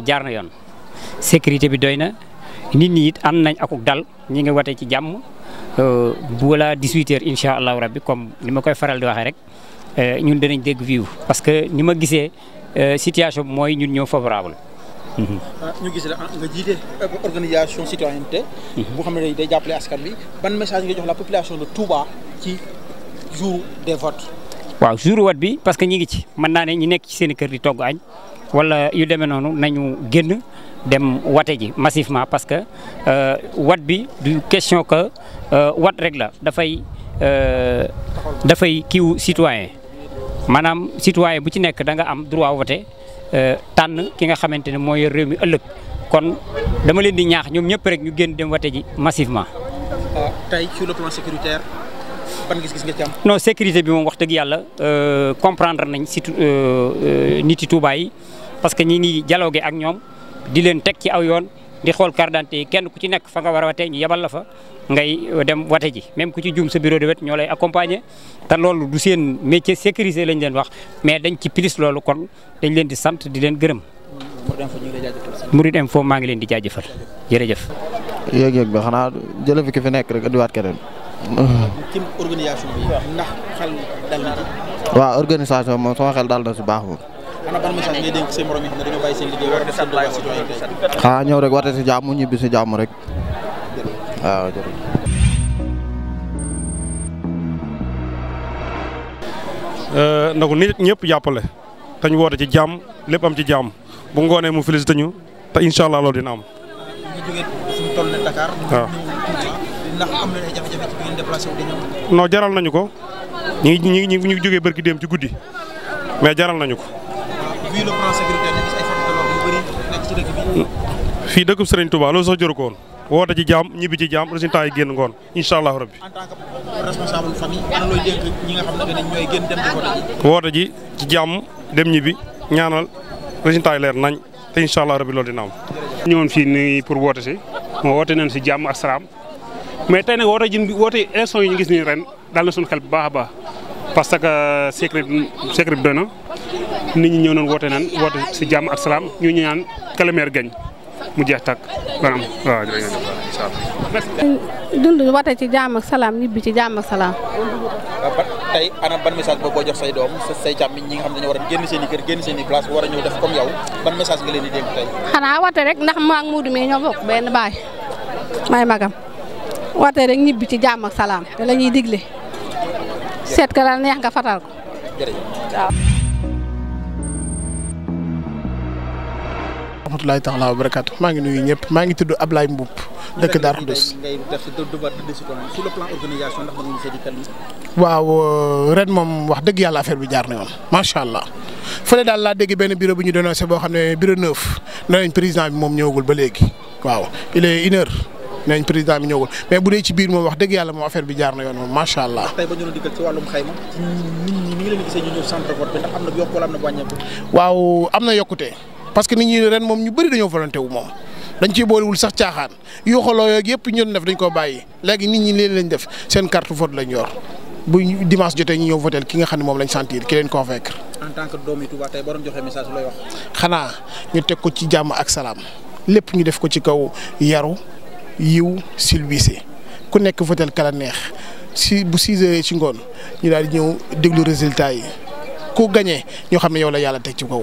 yàlla jaar na yoon sécurité bi doy na nit ñi it am nañ akuk dal ñi ngi wate ci jàmm bu wala 18 heures incha allahu rabbi comme ni ma koy faral di waxee rek euh, ñun danañ dégg vive parce que ni ma gisee euh, situation mooy ñun ñoo favorable. Mhm. Ah, ñu gis la ah, nga jiite euh, organisation citoyenneté. Mhm. boo xam ne day jàppale askan bi ban message nga jox la population de Touba ci jour des votes. waaw jour vote bi parce que ñi ngi ci mën naa ne ñi nekk ci seen kër di togg añ. wala yu demee noonu nañu génn dem wate ji massivement parce que euh, wat bi du question que euh, wat rek la dafay euh, dafay kiiw citoyen maanaam citoyen bu ci nekk da nga am droit vote tànn ki nga xamante ne mooy yor réew ëllëg kon dama leen di ñaax ñoom ñëpp rek ñu génn dem wate ji massivement. tey am. non sécurité bi moom wax dëgg yàlla comprendre nañ surtout nit yi parce que ñi ngi dialogué ak ñoom di leen teg ci aw yoon di xool carte d'identité yi kenn ku ci nekk fa nga war a watee ñu yebal la fa ngay dem wate ji même ku ci juum sa bureau de vote ñoo lay accompagner te loolu du seen métier sécurisé lañ leen wax mais dañ ci plus loolu kon dañ leen di sant di leen gërëm. Mouride Info maa ngi leen di jaajëfal jërëjëf. yëg-yëg bi xanaa jëlee fi nekk rek indiwaat keneen. ci organisation bi ndax xel dal na moom sama xel dal na si baax moom. ana ban message ah, ñëw rek wate si jàmm ñibbi si jàmm rek waaw jërëjëf. Euh, na nit ñëpp jàppale te ñu woote ci jàmm lépp am ci jàmm bu ngoonee mu félicité ñu te incha allah loolu dina am. Ah. waaw. jaral nañu ko ñu ngi ñu ñu ngi jógee barki dem ci guddi mais jaral nañu ko. Fi plan de Serigne Touba lo so jor ko woon woote ci jam ñibi ci jam resultat yi genn ngon inshallah rabbi. responsable famille ana ñi nga dem ji ci jam dem ñibi ñaanal resultat yi leer nañ te inshallah rabbi lol dina am. ñëwoon fi ni pour wota si mo wota nañ ci jam asram mais tay nag wota ji wota élection yi ñu gis ni ren dal na sun xel bu baax baax parce que secret secret bi na nit ñi ñëw nañ woote nan woote si jàmm ak salaam ñu ñu naan kalameer gañ mu jeex tàkk maanaam waaw dund woote ci jàmm ak salaam bi ci jàmm ak salaam. Ah, ba tey ana ban message bo boo jox say doom say càmmiñ ñi nga xam dañu dañoo war a génn seen i kër génn seen i place war a ñëw def comme yow ban message nga leen di dégg tey. xanaa woote rek ndax maa ak muudu mee ñoo bokk benn baay may magam woote rek nit bi ci jàmm ak salaam. da la ñuy digle seet ka la neex nga fatal ko. jërëjëf waaw. rahmatulahi taala wa barakaatu maa ngi nuyu ñëpp maa ngi tudd Ablaye Mboup dëkk Darou Khoudoss. waaw euh, ren moom wax dëgg yàlla affaire bi jaar na yoon macha allah fële daal laa dégg benn bureau bu ñu dénoncé boo xam ne bureau neuf nee président bi moom ñëwagul ba léegi waaw il est une heure nee mais bu dee ci biir moom wax dëgg yàlla moom affaire bi jaar na yoon moom macha allah. tey waaw am na yokkute. parce que nit ñi ren moom ñu bëri dañoo volonté wu moom dañ ciy boolewul sax caaxaan yoo xoloo yooyu yëpp ñu doon def dañ koo bàyyi léegi nit ñi leen lañ def seen carte vote lañ yor bu dimanche jotee ñu ñëw votel ki nga xam ne moom lañ sentir en tant que doomu Touba tey borom joxe xanaa ñu teg ko ci jàmm ak salaam lépp ñu def ko ci kaw yaru yiw silbissé ku nekk votel kala neex si bu 6 heures ci ngoon ñu daal di ñëw déglu résultat yi ku gagné ñoo xam ne yow la yàlla teg ci kaw.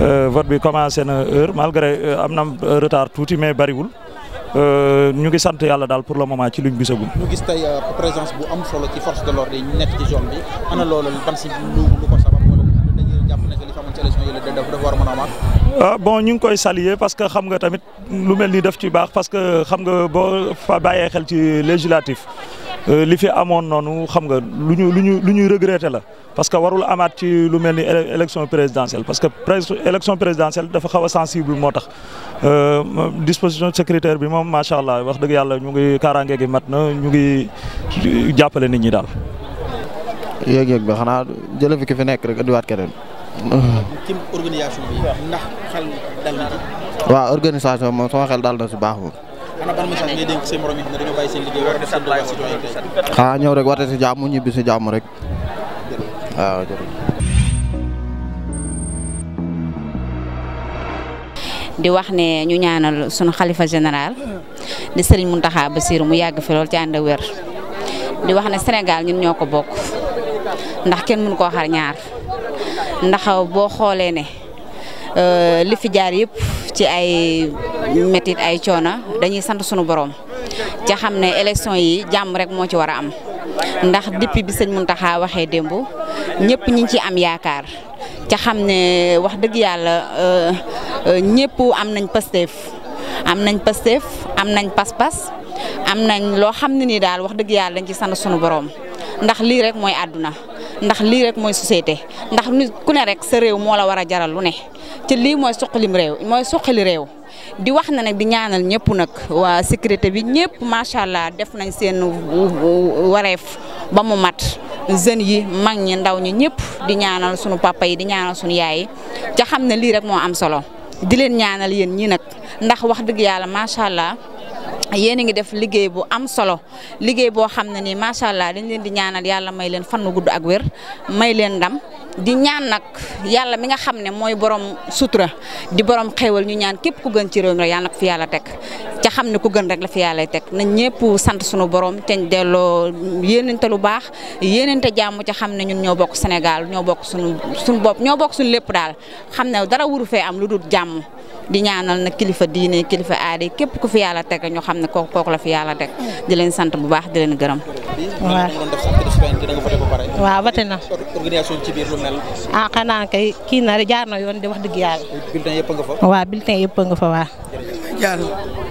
Euh, vote bi commencé na heure malgré euh, am na retard tuuti mais bariwul euh, ñu ngi sant yàlla daal pour le moment ci luñ gisagum. ñu gis bu am solo ci force ñu nekk ci zone bi que li xamante élection yi la dafa war ah, bon ñu ngi koy saluer parce que xam nga tamit lu mel ni def ci baax parce que xam nga boo fa bàyyee xel ci législatif li fi amoon noonu xam nga lu ñu lu ñu lu ñuy regretter la. parce que warul amaat ci lu mel ni élection présidentielle parce que élection présidentielle dafa xaw a sensible moo tax euh, disposition sécuritaire bi moom macha allah wax dëgg yàlla ñu ngi kaaraange gi mat na ñu ngi jàppale nit ñi daal. yéeg-yéeg bi xanaa jëlee fi ki fi nekk rek indiwaat keneen. ci organisation bi ndax xel dal organisation moom sama xel dal na si baax moom. xanaa ñëw rek wate si mu ñibbi si jàmm rek. Ah, di wax ne ñu ñaanal suñu khalifa general di Serigne muntaha basir mu yag fi lol ci ande wér di wax ne senegal ñun ñoko bok ndax kenn mënu ko xar ñaar ndax bo xolé ne euh, li fi jaar yëpp ci ay metit ay ciona dañuy sant sunu borom ci xamne ne élection yi jàmm rek mo ci wara am. ndax depuis bi sëñ Mountakha waxee démb ñëpp ñi ngi ci am yaakaar ca xam ne wax dëgg yàlla euh, euh, ñëpp am nañ Pastef am nañ Pastef am nañ pas am nañ loo xam ne nii daal wax dëgg yàlla dañ ci sant sunu boroom ndax lii rek mooy àdduna ndax lii rek mooy société ndax ku ne rek sa réew moo la war a jaral lu ne te lii mooy suqalim réew mooy suqali réew. di wax na nag di ñaanal ñëpp nag waa sécurité bi ñëpp macha allah def nañ seen wareef ba mu mat jeunes yi mag ñi ndaw ñi ñëpp di ñaanal sunu papa yi di ñaanal sunu yaay yi ca xam ne lii rek moo am solo di leen ñaanal yéen ñii nag ndax wax dëgg yàlla macha allah yéen a ngi def liggéey bu am solo liggéey boo xam ne ni macha allah dañ leen di ñaanal yàlla may leen fan nu gudd ak wér may leen ndam. di ñaan nag yàlla mi nga xam ne mooy boroom sutura di borom xéewal ñu ñaan képp ku gën ci réew mi rek yàlla na ko fi yàlla teg ca xam ne ku gën rek la fi yàlla teg nañ ñëpp sant sunu boroom te delloo yéenante lu baax yéenante jàmm ca xam ne ñun ñoo bokk Sénégal ñoo bokk sunu sunu bopp ñoo bokk sunu lépp daal xam ne dara wuru fee am lu dul jàmm. di ñaanal na kilifa diine kilifa aada képp ku fi yàlla teg ñu xam ne kooku kooku la fi yàlla teg di leen sant bu baax di leen gërëm. waaw waaw ba ah, xanaa kay kii na jaar na yoon di wax dëgg yàlla. bulletin yëpp nga fa. waaw